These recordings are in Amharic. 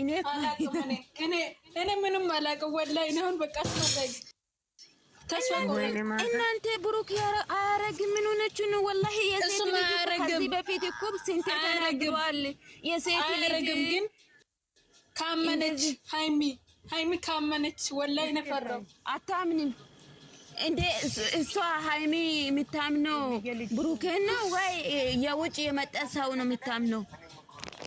እኔ ምንም አላውቅም ወላሂ። እኔ አሁን በቃ እናንተ ብሩክ አያረግ ምን ሆነችሁ ነው? ወላሂ የሴት ልጅ ከዚህ በፊት እኮ ስንት ተናግሯል። የሴት ልጅ ግን ካመነች ሃይሚ ሃይሚ ካመነች ወላሂ ነፈራው አታምንም እንዴ? እሷ ሃይሚ የምታምነው ብሩክን ነው ወይ የውጭ የመጣ ሰው ነው የምታምነው?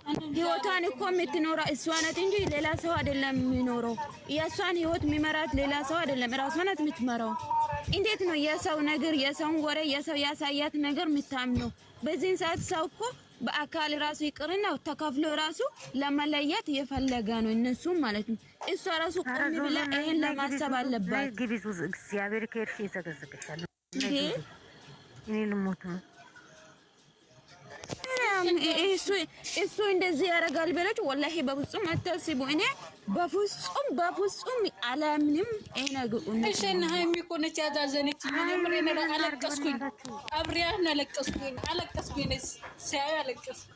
ህይወቷን እኮ የምትኖራ እሷ ናት እንጂ ሌላ ሰው አይደለም የሚኖረው። የእሷን ህይወት የሚመራት ሌላ ሰው አይደለም፣ እራሷ ናት የምትመራው። እንዴት ነው የሰው ነገር የሰውን ወሬ የሰው ያሳያት ነገር የምታምነው? በዚህን ሰዓት ሰው እኮ በአካል ራሱ ይቅርና ተከፍሎ ራሱ ለመለየት የፈለገ ነው እነሱ ማለት ነው። እሷ ራሱ ቆም ብላ ይሄን ለማሰብ አለባት። እሱ እንደዚህ ያደርጋል ብለች ወላሂ በፍጹም አታስቡ። እኔ በፍጹም በፍጹም አላምንም። አይነግሩኝ ሀይሚ እኮ ነች ያዛዘነች። አለቀስኩኝ፣ አብሬያህን አለቀስኩኝ፣ አለቀስኩኝ፣ ሲያዩ አለቀስኩ።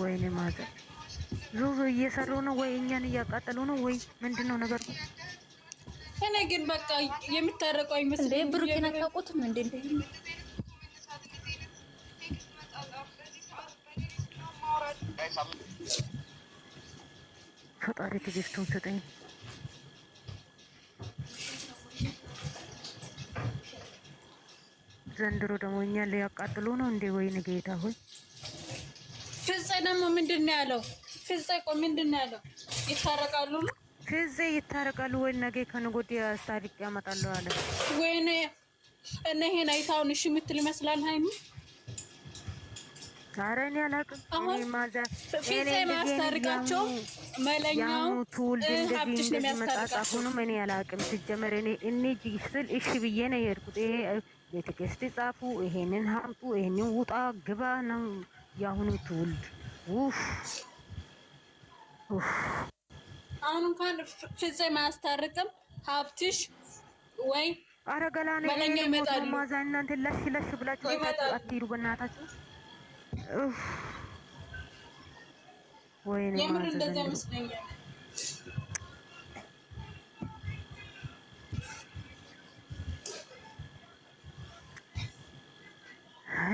ወይኔ ማዘ ዙዙ እየሰሩ ነው ወይ እኛን እያቃጠሉ ነው ወይ ምንድን ነው ነገር? እኔ ግን በቃ የምታረቀው አይመስለኝም። ብሩኬን አታውቁትም እንዴ? ፈጣሪ ትዕግስቱን ስጠኝ። ዘንድሮ ደግሞ እኛን ሊያቃጥሉ ነው እንዴ? ወይኔ ጌታ ሆይ ፍጼ ደግሞ ምንድን ነው ያለው? ፍጼ እኮ ምንድን ነው ያለው? ይታረቃሉ ፍጼ ይታረቃሉ ወይ ነገ ከነገ ወዲያ ስታዲቅ ያመጣሉ አለ። ወይኔ እነ ይሄን አይታውን እሺ የምትል ይመስላል ሀይሚ ኧረ እኔ አላውቅም። ፍጼ ማስታርቃቸው መለኛው ሀብትሽ ነው የሚያስታርቃቸው። አሁንም እኔ አላውቅም። ሲጀመር እኔ እንሂድ ስል እሺ ብዬ ነው የሄድኩት። ይሄ ቤተክርስቲያን ጻፉ፣ ይሄንን ሀምጡ፣ ይሄንን ውጣ ግባ ነው የአሁኑ ትውልድ ውፍ አሁን እንኳን ፍጽ ማያስታርቅም ሀብትሽ ወይ አረ ገላኔ ማዛ እናንተ ለሽ ለሽ ብላችሁ በእናታችሁ። የምር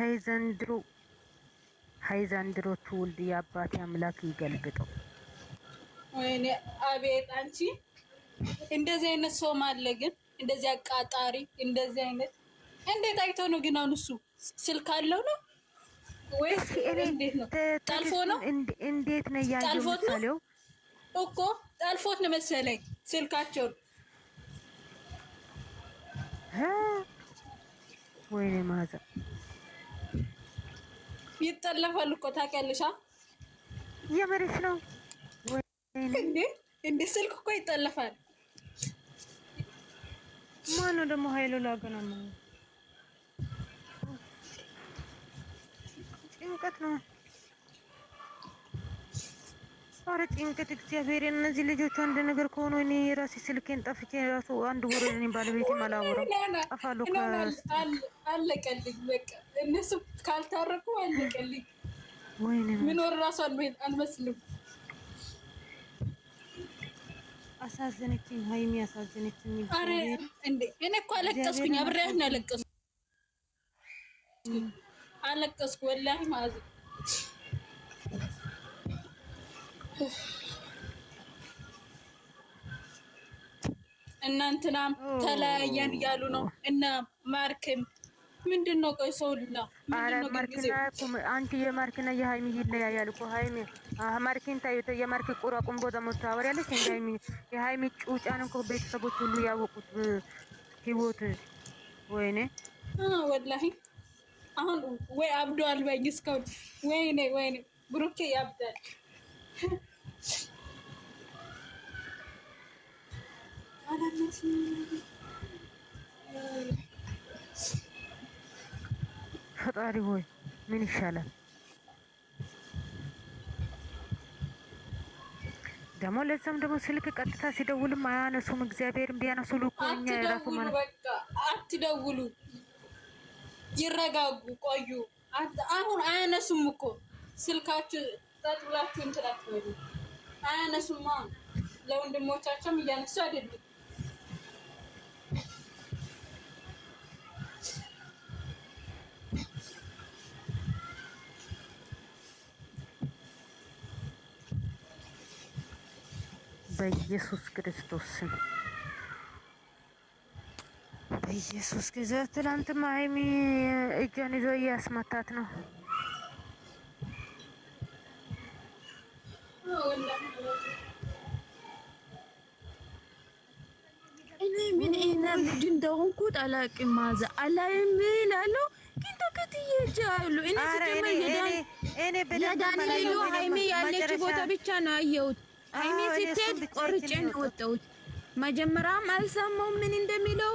አይ ዘንድሮ ሀይ ዘንድሮቱ ውልድ የአባቴ አምላክ ይገልብጠው። ወይኔ አቤት አንቺ! እንደዚህ አይነት ሰው ማለ ግን እንደዚህ አቃጣሪ፣ እንደዚህ አይነት እንዴት አይቶ ነው ግን? አሁን እሱ ስልክ አለው ነው ወይስ እንዴት ነው? ጠልፎ ነው እንዴት ነው ያየው? ምሳሌው እኮ ጠልፎት ነው መሰለኝ ስልካቸውን። ወይኔ ማዘር ይጠለፋል እኮ ታውቂያለሽ። የመሬት ነው እንዴ? ስልክ እኮ ይጠለፋል። ማነው ደግሞ ሀይሉ ላገናኘው ጭንቀት ነው። አረ ጭንቀት እግዚአብሔር። እነዚህ ልጆቹ አንድ ነገር ከሆኑ እኔ የራሴ ስልኬን ጠፍቼ ራሱ አንድ ወር እኔ ባለቤት ማላወራ ጠፋሉ። አለቀልኝ በቃ እነሱ ካልታረቁ አለቀልኝ። ምኖር ራሱ አልመስልም። አሳዘነችኝ ሀይሚ አሳዘነችኝ። አረ እንዴ እኔ እኮ አለቀስኩኝ። አብሬያት ነው ያለቀስኩ አለቀስኩ ወላሂ ማለት ነው እናንትናም ተለያየን እያሉ ነው። እና ማርክም ምንድን ነው ቆይ አንቺ የማርክና የሀይሚ ይለያያል እኮ ሀይሚ ታዩት። የማርክ ቁራ ቁምቦ እንደ ሀይሚ የሀይሚ ጩጫን እኮ ቤተሰቦች ሁሉ ያወቁት ህይወት ወይኔ ወላሂ አሁን ወይ አብዶ እስካሁን ወይኔ ወይኔ ብሩኬ ያብዳል። ፈጣሪ ሆይ ምን ይሻላል? ደግሞ ለዛም ደግሞ ስልክ ቀጥታ ሲደውልም አያነሱም። እግዚአብሔር ቢያነሱ ልኮ እኛ የራሱ ማለት አትደውሉ፣ ይረጋጉ፣ ቆዩ። አሁን አያነሱም እኮ ስልካችሁ ጸጥ ብላችሁ እንትን አትበሉ። አያነሱማ ለወንድሞቻቸውም እያነሱ አይደሉም። በኢየሱስ ክርስቶስ በኢየሱስ ክርስቶስ ትላንትማ ሀይሚ እጇን ይዞ እያስመታት ነው። አላውቅም። ማዘ አላይም እላለሁ ግን ተከትዬ እሄጃለሁ። እኔ ሀይሚ ያለች ቦታ ብቻ ነው አየሁት። ሀይሚ ስትሄድ ቆርጬ ነው ወጣሁት። መጀመሪያም አልሰማሁም ምን እንደሚለው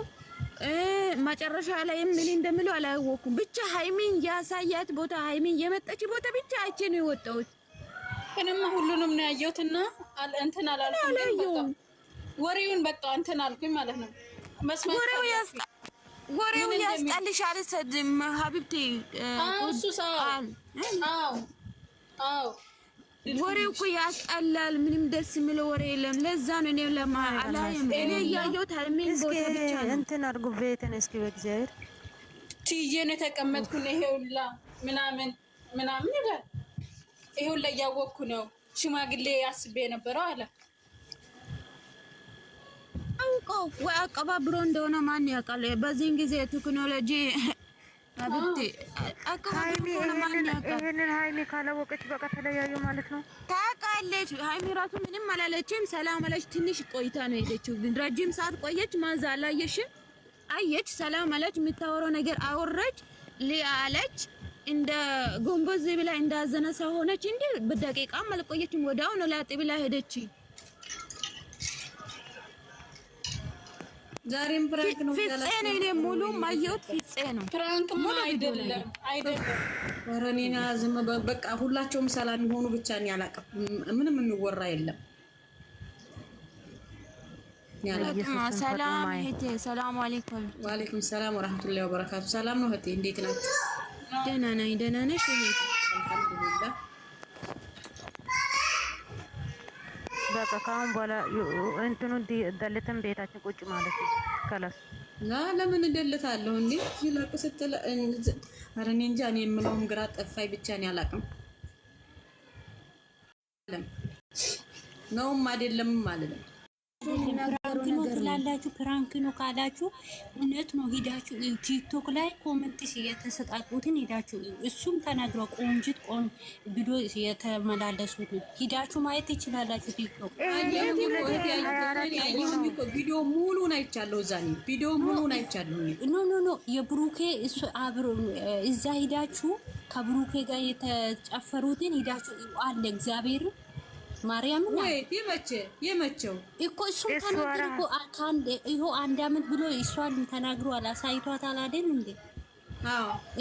መጨረሻ ላይ ምን እንደሚለው አላወኩም። ብቻ ሀይሚን ያሳያት ቦታ ሀይሚን የመጣች ቦታ ብቻ አይቼ ነው የወጣሁት። እኔማ ሁሉንም ነው ያየሁት እና እንትን አላልኩም፣ ወሬውን በቃ እንትን አልኩኝ ማለት ነው መስመር ወሬው ያስጠልሽ። አልሰድም ሀቢብቴ ወሬው እኮ ያስጠላል። ምንም ደስ የሚለው ወሬ የለም። ለዛ ነው እኔ ለማላየም እኔ እያየሁት ምን ቦታ ብቻ ነው እንትን አድርጉ ቤትን እስኪ በእግዚአብሔር ትዬን የተቀመጥኩ ነው። ይሄ ሁላ ምናምን ምናምን ይላል። ይሄ ሁላ እያወቅኩ ነው። ሽማግሌ አስቤ የነበረው አለ አንቆ ወይ አቀባብሮ እንደሆነ ማን ያውቃል? በዚህን ጊዜ ቴክኖሎጂ ይህንን ሀይሚ ካላወቀች በቃ ተለያዩ ማለት ነው። ታውቃለች። ሀይሚ ራሱ ምንም አላለችም። ሰላም አለች። ትንሽ ቆይታ ነው የሄደችው። ረጅም ሰዓት ቆየች። ማዛ አላየሽም? አየች። ሰላም አለች። የምታወራው ነገር አወረች። ሊያለች እንደ ጎንበዝ ብላ እንዳዘነ ሰው ሆነች። እንዲህ በደቂቃም አልቆየችም። ወዲያው ነው ላጥ ብላ ሄደች። ዛሬም ፕራንክ ነው። ፍፄ ነው እኔ ሙሉ ማየሁት ፍፄ ነው። ፕራንክ ሙሉ አይደለም አይደለም። ዝም በቃ ሁላቸውም ሰላም የሆኑ ብቻ እኔ አላውቅም። ምንም የሚወራ የለም። ሰላም እህቴ፣ ሰላም አለይኩም። ወአለይኩም ሰላም ወራህመቱላሂ ወበረካቱ። ሰላም ነው እህቴ፣ እንዴት ናችሁ? ደህና ነኝ። ደህና ነሽ እህቴ? በቃ ከአሁን በኋላ እንትኑ ደልተን ቤታችን ቁጭ ማለት ነው። ከለሱ ለምን እደልታለሁ እንዴ? ሲለቁ ስትል ኧረ እኔ እንጃ። እኔ የምለውም ግራ ጠፋኝ። ብቻ እኔ አላውቅም ነውም አይደለምም አልልም። ፕራንክ ነው ትላላችሁ፣ ፕራንክ ነው ካላችሁ እውነት ነው። ሂዳችሁ ቲክቶክ ላይ ኮመንት የተሰጣጡትን ሂዳችሁ እሱም ተናግረው ቆንጅት ቆን ብሎ የተመላለሱት ሂዳችሁ ማየት ይችላላችሁ። ቲክቶክ ቪዲዮ ሙሉን አይቻለሁ፣ እዛ ቪዲዮ ሙሉን አይቻለሁ። ኖ ኖ ኖ የብሩኬ እሱ አብሮ እዛ ሂዳችሁ ከብሩኬ ጋር የተጨፈሩትን ሂዳችሁ አለ እግዚአብሔር ማርያም የመቸው እኮ እሱም ተናገር እኮ ከአንድ ይኸው አንድ አመት ብሎ እሷን ተናግሮ አላሳይቷት አላደን እንዴ?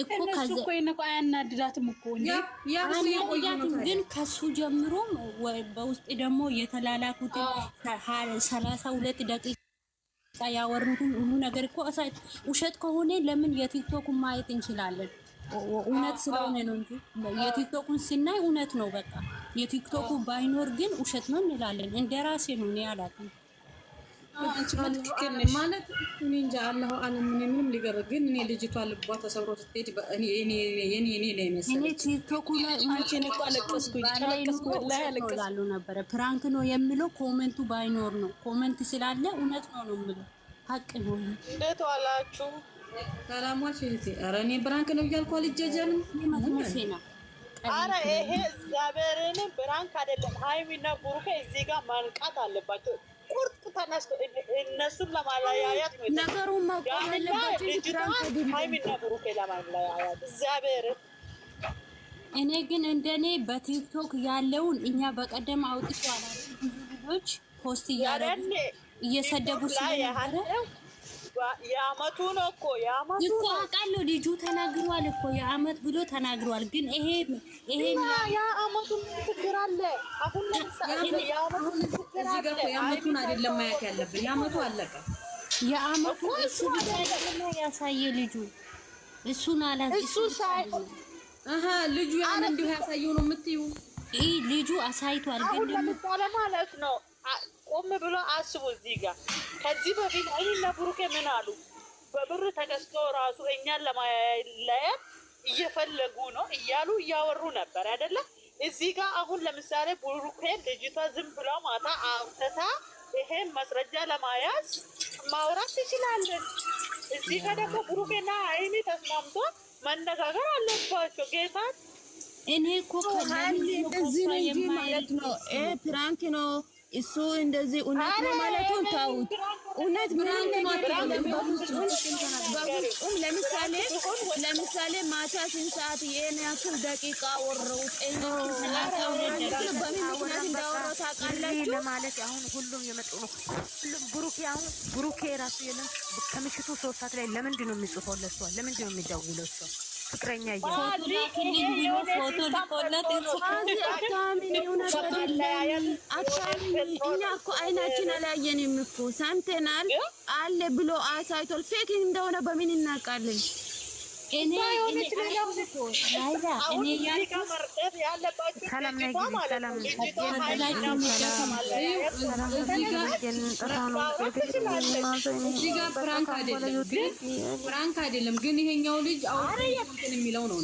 እኮ ከዚህ ከዛ አያናድዳትም እኮ አያናድዳትም፣ ግን ከሱ ጀምሮ በውስጥ ደግሞ የተላላኩትን ሰላሳ ሁለት ደቂቃ ያወሩትን ሁሉ ነገር እኮ ውሸት ከሆነ ለምን የቲክቶክ ማየት እንችላለን? እውነት ስለሆነ ነው እንጂ የቲክቶኩን ስናይ እውነት ነው። በቃ የቲክቶኩ ባይኖር ግን ውሸት ነው እንላለን። እንደራሴ ነው እኔ አላውቅም ማለት እኔ እንጃ አላሁ አለም እኔ ምንም ሊገር ግን እኔ ልጅቷ ልቧ ተሰብሮ ስትሄድ ላይመስላሉ ነበረ። ፕራንክ ነው የምለው ኮመንቱ ባይኖር ነው። ኮመንት ስላለ እውነት ነው ነው የምለው ሀቅ ነው። ዋላችሁ? ሰላሟች እህቴ፣ ኧረ እኔ ብራንክ ነው እያልኩ አልጀጀንም። ኧረ ይሄ እግዚአብሔርን ብራንክ አይደለም። ሀይሚና ብሩኬ እዚህ ጋር ማንቃት አለባቸው። ቁርጥ ተነስቶ እነሱን ለማለያያት ነው ነገሩን ማቆም ያለባቸው። ሀይሚና ብሩኬ ለማለያያት እግዚአብሔርን እኔ ግን እንደኔ በቲክቶክ ያለውን እኛ በቀደም አውጥቶ አላ ልጆች ፖስት እያደረጉ እየሰደቡ ስለነበረ የአመቱ ነው እኮ የአመቱ እኮ አውቃለሁ። ልጁ ተናግሯል እኮ የአመት ብሎ ተናግሯል። ግን ይሄ ይሄ የአመቱ ችግር አለ። አሁን የአመቱን አይደለም ማየት ያለብን። የአመቱ አለቀ። የአመቱ እሱ ያሳየ ልጁ እሱን አላ እሱ ሳይ ልጁ ያን እንዲሁ ያሳየው ነው የምትዩ። ልጁ አሳይቷል። ግን ማለት ነው ቆም ብሎ አስቡ። እዚህ ጋር ከዚህ በፊት እኔና ብሩኬ ምን አሉ? በብር ተገዝቶ ራሱ እኛን ለማለያት እየፈለጉ ነው እያሉ እያወሩ ነበር አይደለም? እዚህ ጋር አሁን ለምሳሌ ብሩኬ ልጅቷ ዝም ብላ ማታ አውጥታ ይሄን ማስረጃ ለማያዝ ማውራት ትችላለን። እዚህ ጋር ደግሞ ብሩኬና አይኒ ተስማምቶ መነጋገር አለባቸው ጌታን እኔ እኮ ከዚህ ነው እንጂ ማለት ነው ፕራንክ ነው እሱ እንደዚህ እውነት ነው ማለቱን ታውት እውነት ምናምን በፍጹም ለምሳሌ ለምሳሌ ማታ ስንት ሰዓት ይሄን ያክል ደቂቃ ወረው ለማለት አሁን ሁሉም የመጡ ነው። ሁሉም ብሩኬ አሁን ብሩኬ ራሱ የለም ከምሽቱ ሶስት ሰዓት ላይ ለምንድን ነው የሚጽፈው ለሷ? ለምንድን ነው የሚደውለው ፍቅረኛ እኛ እኮ አይናችን አላየንም እኮ ሰምተናል አለ ብሎ አሳይቷል። ፌክ እንደሆነ በምን እናውቃለን? ፍራንክ አይደለም ግን ይሄኛው ልጅ የሚለው ነው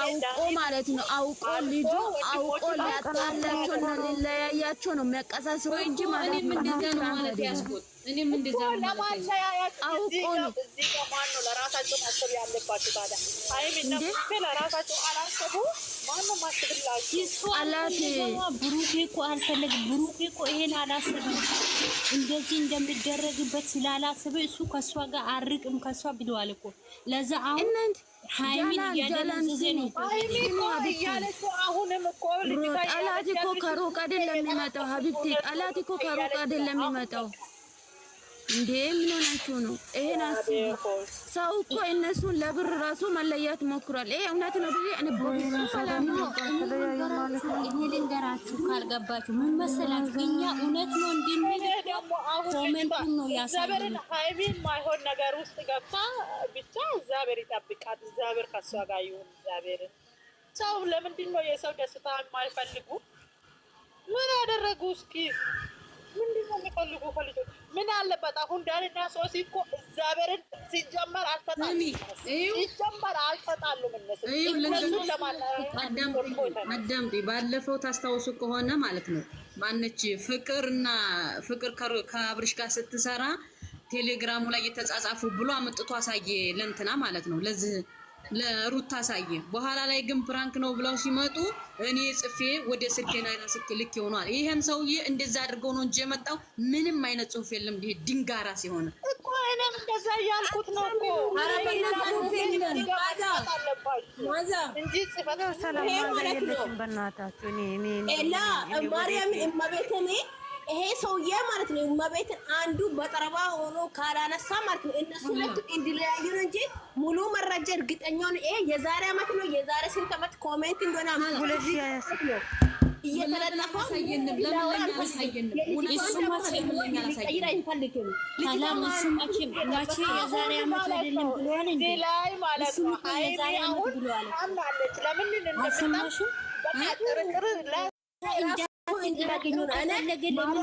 አውቆ ማለት ነው። አውቆ ልጁ አውቆ ሊያጣላቸው እና ሊለያያቸው ነው የሚያቀሳስሩ እንጂ ማለት ነው። እኔም እንደዚያ ነው ማለት ያስኩት። እኔም እንደዚያ ነው ማለት አውቆ ነው ማነው ለራሳቸው ማሰብ ያለባቸው ታዲያ? ሀይሚና ብሩኬ ለራሳቸው አላሰቡ ማነው ማስብላቸው? አላት ብሩኬ እኮ አልፈለግም። ብሩኬ እኮ ይሄን አላሰብም እንደዚህ እንደሚደረግበት ስላላሰበ እሱ ከእሷ ጋር አርቅም ከእሷ ብለዋል እኮ ለዛ አሁን ጠላት እኮ ከሩቅ አይደለም የሚመጣው ሀቢብቴ ጠላት እኮ ከሩቅ አይደለም የሚመጣው እንዴ ምን ሆናችሁ ነው? ይሄን አስቡ። ሰው እኮ እነሱን ለብር ራሱ መለያት ሞክሯል። ይሄ እውነት ነው ብዬ እኔ ብዙ ሰላም ነው ልንገራችሁ ካልገባችሁ ምን መሰላችሁ፣ እኛ እውነት ነው እንድንል ኮሜንቱን ነው ያሳየን። ሃይሚን ማይሆን ነገር ውስጥ ገብታ ብቻ እግዚአብሔር ይጠብቃት። እግዚአብሔር ከሷ ጋር ይሁን። እግዚአብሔር ሰው ለምንድን ነው የሰው ደስታ የማይፈልጉ? ምን ያደረጉ እስኪ ምንድን ነው የሚፈልጉ ከልጆች ምን አለበት አሁን ዳንና ሶሲ እኮ እግዚአብሔርን ሲጀመር አልፈጣሉም፣ ሲጀመር አልፈጣሉም። አዳምጪ። ባለፈው ታስታውሱ ከሆነ ማለት ነው ማነች ፍቅርና ፍቅር ከአብርሽ ጋር ስትሰራ ቴሌግራሙ ላይ የተጻጻፉ ብሎ አመጥቶ አሳየ ለእንትና ማለት ነው ለዚህ ለሩት አሳየ። በኋላ ላይ ግን ፕራንክ ነው ብለው ሲመጡ እኔ ጽፌ ወደ ስልኬና ስልክ ልክ ይሆናል። ይሄን ሰውዬ እንደዛ አድርገው ነው እንጂ የመጣው ምንም አይነት ጽሁፍ የለም። ይሄ ድንጋራ ሲሆነ እኮ እኔም እንደዛ እያልኩት ነው እኮ እንጂ ጽፈት ማለት ነው ማርያም እኔ ይሄ ሰውዬ ማለት ነው መቤትን አንዱ በጠረባ ሆኖ ካላነሳ ማለት ነው እነሱ ሁለቱ እንዲለያዩ ነው እንጂ ሙሉ መረጃ እርግጠኛ ነው። ይሄ የዛሬ አመት ነው የዛሬ ስንት አመት ኮሜንት እንደሆነ እየተለጠፈ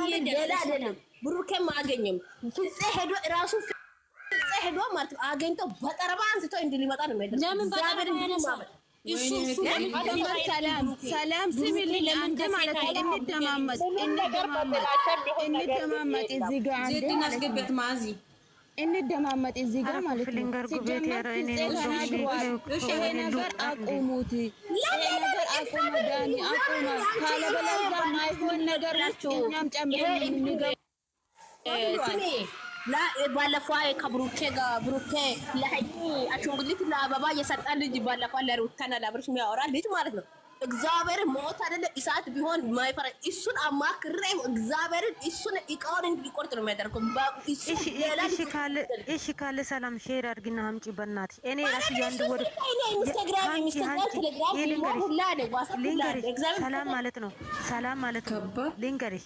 አይደለም ብሩኬም አገኘም ፍፄ ሄዶ ራሱ ፍፄ ሄዶ ማለት ነው አገኝቶ በጠረባ አንስቶ እንዲሊመጣ ነው ሰላም ስሚልኝ፣ አንድ ማለት ነው። እንደማመጥ እንደማመጥ እዚህ ጋር አንድ ማለት ነው። እንደማመጥ እዚህ ጋር ማለት ነው። ሲጀመር ተናግሯል። ይሄ ነገር አቁሙት፣ ይሄ ነገር አቁሙ፣ ዳኒ አቁሙ። ካለበለዛ ማይሆን ነገር ውስጥ እኛም ጨምረን የምንገባ ባለፈው ከብሩኬ ጋር ብሩኬ ለሀይ አሽንጉሊት ለአበባ የሰጠ ልጅ ባለፈው ለሩታና ለብርሽ የሚያወራ ልጅ ማለት ነው እግዚአብሔር ሞት አይደለ እሳት ቢሆን ማይፈራ እሱን አማክሬ እግዚአብሔር እሱን እቃውን እንዲቆርጥ ነው የሚያደርገው። እሺ ካለ ሰላም ሼር አድርግና አምጪ በእናትሽ። እኔ ራሱ ያንድ ወር ሰላም ማለት ነው ሰላም ማለት ነው ልንገርሽ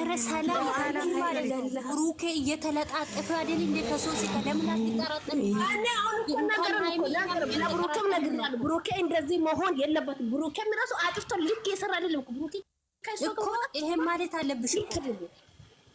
ኧረ ሰላም አንቺ አይደለም ብሩኬ እየተለጣጠፈ አይደል እንደ ከሶሲ ብሩኬ እንደዚህ መሆን የለበትም። ብሩኬም ራሱ አጥፍቶ ልክ የሰራ አይደለም ብሩኬ ከሶሲ ይሄ ማለት አለብሽ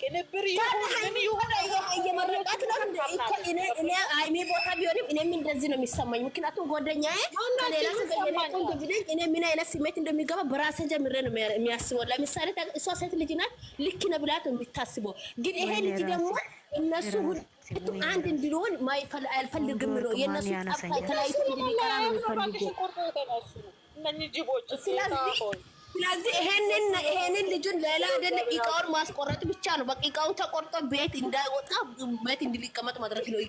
ቅንብር እየመረቃት ነው። ሃይሚ ቦታ ቢሆንም እኔም እንደዚህ ነው የሚሰማኝ። ምክንያቱም ጓደኛዬ ከሌላ እኔ ምን አይነት ስሜት እንደሚገባ በራሴ ጀምሬ ነው የሚያስበው። ለምሳሌ እሷ ሴት ልጅ ናት፣ ልክ ነው ብላት የምታስበው ግን ይሄ ልጅ ደግሞ እነሱ ሁለቱ አንድ እንዲሆን አልፈልግም ነው የእነሱ ጠብ ተለያይቶ ስለዚህ ስለዚህ ይሄንን ይሄንን ልጁን ሌላ አይደለም፣ እቃውን ማስቆረጥ ብቻ ነው። በቃ እቃው ተቆርጦ ቤት እንዳይወጣ ቤት እንዲቀመጥ ማድረግ ነው።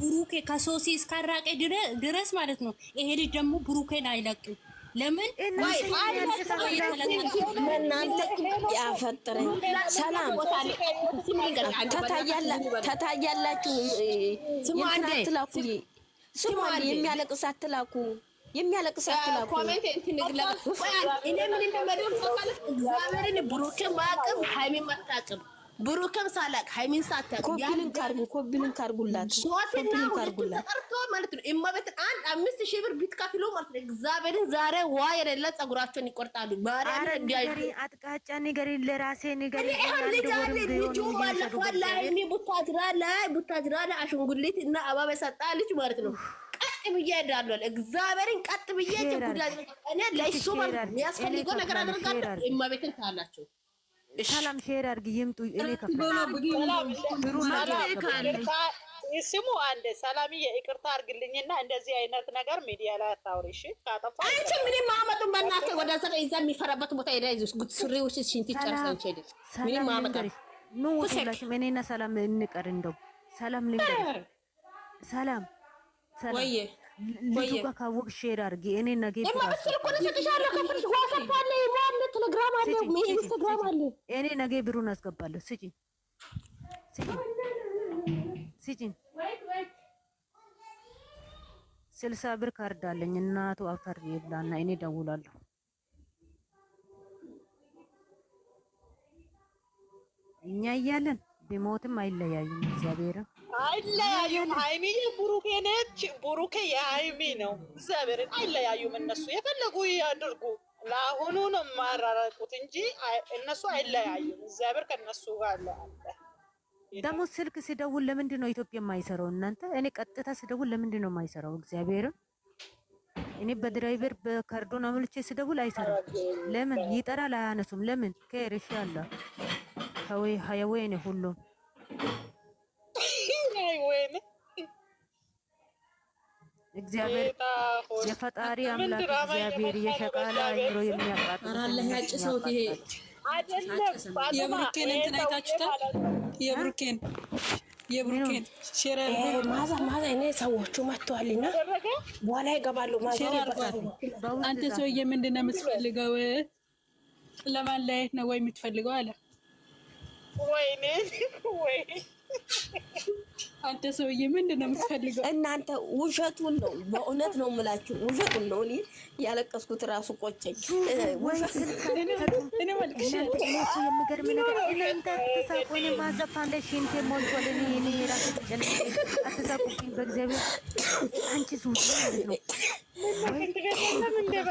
ብሩኬ ከሶሲ እስካራቀ ድረስ ማለት ነው። ይሄ ልጅ ደግሞ ብሩኬን አይለቅም። ለምን እናንተ ያፈጥረኝ ሰላም ተታያላችሁ። እንትን አትላኩ፣ የሚያለቅስ አትላኩ፣ የሚያለቅስ አትላኩ። እኔ ምን እንደመደው ብሮኬ ማቅም ሀይሜ ማታቅም ብሩክም ሳላቅ ሃይሚን ሳታቅ ሁለቱ ማለት ነው። እመቤትን አንድ አምስት ሺህ ብር ቢትከፍሉ ማለት ነው። እግዚአብሔርን ዛሬ ዋ የሌለ ጸጉራቸውን ይቆርጣሉ። አጥቃጫ ንገሪ፣ ለራሴ ንገሪ። ልጁ ቡታጅራ ላይ ቡታጅራ ላይ አሽንጉሊት እና አበባ ሰጣ ልጅ ማለት ነው። ቀጥ ብዬ እሄዳለሁ። እግዚአብሔርን ቀጥ ብዬ እኔ የሚያስፈልገው ነገር አደርጋለሁ። እመቤትን ታላቸው ሰላም ሼር አድርጊ፣ ይምጡ። እኔ ስሙ አንድ ሰላም ይቅርታ አድርግልኝና እንደዚህ አይነት ነገር ሚዲያ ላይ አታውሪ። እሺ ካጠፋ አንቺ ምንም ማመጡን በእናትህ ወደ ዘር ይዛ የሚፈራበት ቦታ ሄዳ ይዞ ሱሪዎች ሽንት ይጨርሳል። ምንም ማመጣ ኑ ሁላችሁም እኔና ሰላም እንቀር። እንደው ሰላም ልንገር፣ ሰላም ወየ ልጁ ጋር ካወቅሽ ሼር አድርጊ። እኔ ነገ ይባላል ኢንስታግራም አለ፣ ኢንስታግራም አለ። እኔ ነገ ብሩን አስገባለሁ። ስጪኝ፣ ስጪኝ፣ ስጪኝ። ስልሳ ብር ካርድ አለኝ። እናቱ አፈር ይብላና እኔ ደውላለሁ። እኛ እያለን ቢሞትም አይለያዩም። እግዚአብሔር አይለያዩም። ሃይሚ ብሩኬ ነች፣ ብሩኬ የሃይሚ ነው። እግዚአብሔርን አይለያዩም። እነሱ የፈለጉ ያድርጉ። ለአሁኑ ነው የማራረቁት እንጂ እነሱ አይለያዩም። እግዚአብሔር ከነሱ ጋር ለአለ ደግሞ ስልክ ሲደውል ለምንድን ነው ኢትዮጵያ የማይሰራው? እናንተ እኔ ቀጥታ ሲደውል ለምንድን ነው የማይሰራው? እግዚአብሔርም እኔ በድራይቨር በካርዶን አምልቼ ስደውል አይሰራም። ለምን ይጠራል? አያነሱም። ለምን ከርሽ አለ ከወይ ሀያ ወይኔ ሁሉም ወይኔ እግዚአብሔር የፈጣሪ አምላክ እግዚአብሔር የሸቃላ አይሮ የሚያቃጥል ያጭሰውት። ይሄ የብሩኬን እንትን አይታችሁታል? የብሩኬን የብሩኬን ሼር ማዛ ማዛ እኔ ሰዎቹ በኋላ ይገባሉ። አንተ ሰውዬ ምንድን ነው የምትፈልገው? ለማለያየት ነው ወይ የምትፈልገው አለ። ወይኔ ወይ አንተ ሰውዬ ምንድን ነው የምትፈልገው? እናንተ ውሸቱን ነው፣ በእውነት ነው የምላችሁ፣ ውሸቱን ነው። እኔ ያለቀስኩት ራሱ ቆጨኝ። የሚገርም ነገር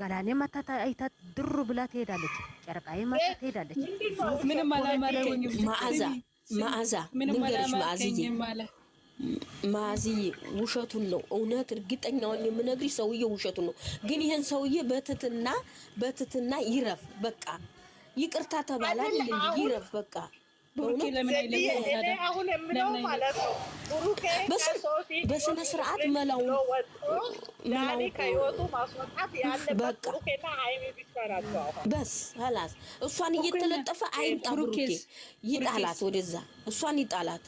ገላኔ መታት አይታ ድሩ ብላ ትሄዳለች። ጨርቃዬ መታት ትሄዳለች። ምንም አላማረኝም መዓዛ መዓዛ ልንገርሽ፣ መዓዝዬ መዓዝዬ ውሸቱን ነው። እውነት እርግጠኛውን የምነግርሽ ሰውዬ ውሸቱን ነው። ግን ይህን ሰውዬ በትትና በትትና ይረፍ በቃ። ይቅርታ ተባላል፣ ይረፍ በቃ። በስነ ስርዓት መላውን በስ ላስ እሷን እየተለጠፈ አይምጣ። ብሩኬ ይጣላት፣ ወደዛ እሷን ይጣላት።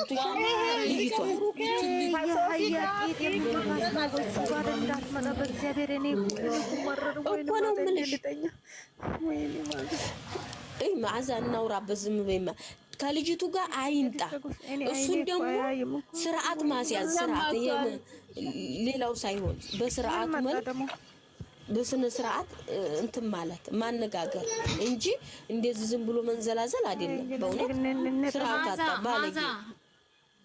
እኮ ነው የምልሽ እይ መዓዛ እናውራበት ዝም በይማ። ከልጅቱ ጋር አይንጣ። እሱን ደግሞ ስርዓት ማስያዝ ስርዓት፣ ሌላው ሳይሆን በስርዓቱ መልክ በስነ ስርዓት እንትን ማለት ማነጋገር እንጂ እንደዚህ ዝም ብሎ መንዘላዘል አይደለም። በእውነት ስርዓት አጣ ባለጌ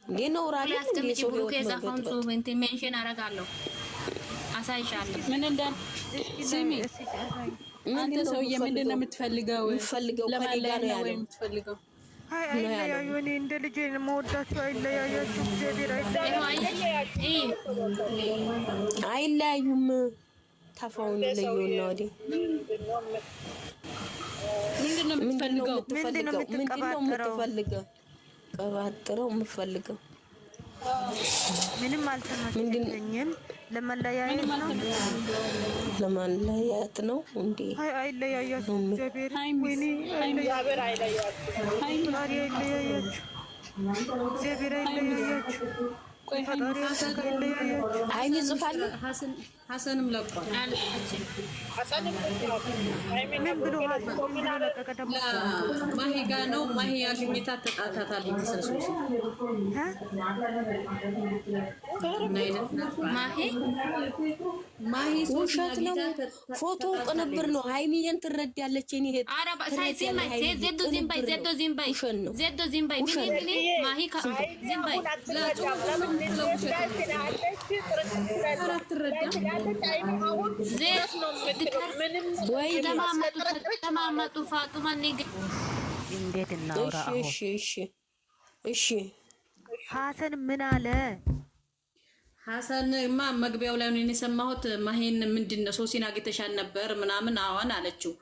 እንዴ ነው ራሊ እንዴ ብሎ ነው ከዛፋንቱ ወንቴ ሜንሽን አረጋለሁ፣ አሳይሻለሁ ምን እንዳል ስሚ አንተ ሰውዬ ምንድን ነው የምትፈልገው? የምትፈልገው አይለያዩ። እኔ እንደ ልጄ መወዳቸው አይለያያቸው። እግዚአብሔር አይለያዩም። ታፋውን ልዩና ወዴ ምንድን ነው የምትፈልገው? ምንድን ነው የምትፈልገው? ቀባጥረው የምትፈልገው ምንም አልተመቸኝም። ለመለያየት ነው ለመለያየት ነው እንዴ? አይ አይለያያችሁ፣ እግዚአብሔር አይለያያችሁ፣ እግዚአብሔር አይለያያችሁ ሀይሚ ጽፋል። ሀሰንም ለቋል። ማሂ ጋ ነው። ማሂ ያገኘታ ተጣልታታለች። ውሸት ነው። ፎቶ ቅንብር ነው። ሀይሚዬን ትረዳለች። ኔ ተለማመጡ። እሺ ሀሰን ምን አለ? ሀሰን መግቢያው ላይ ነው የሰማሁት። ማሄን ምንድን ነው ሶሲን አግኝተሻል ነበር ምናምን አዋን አለችው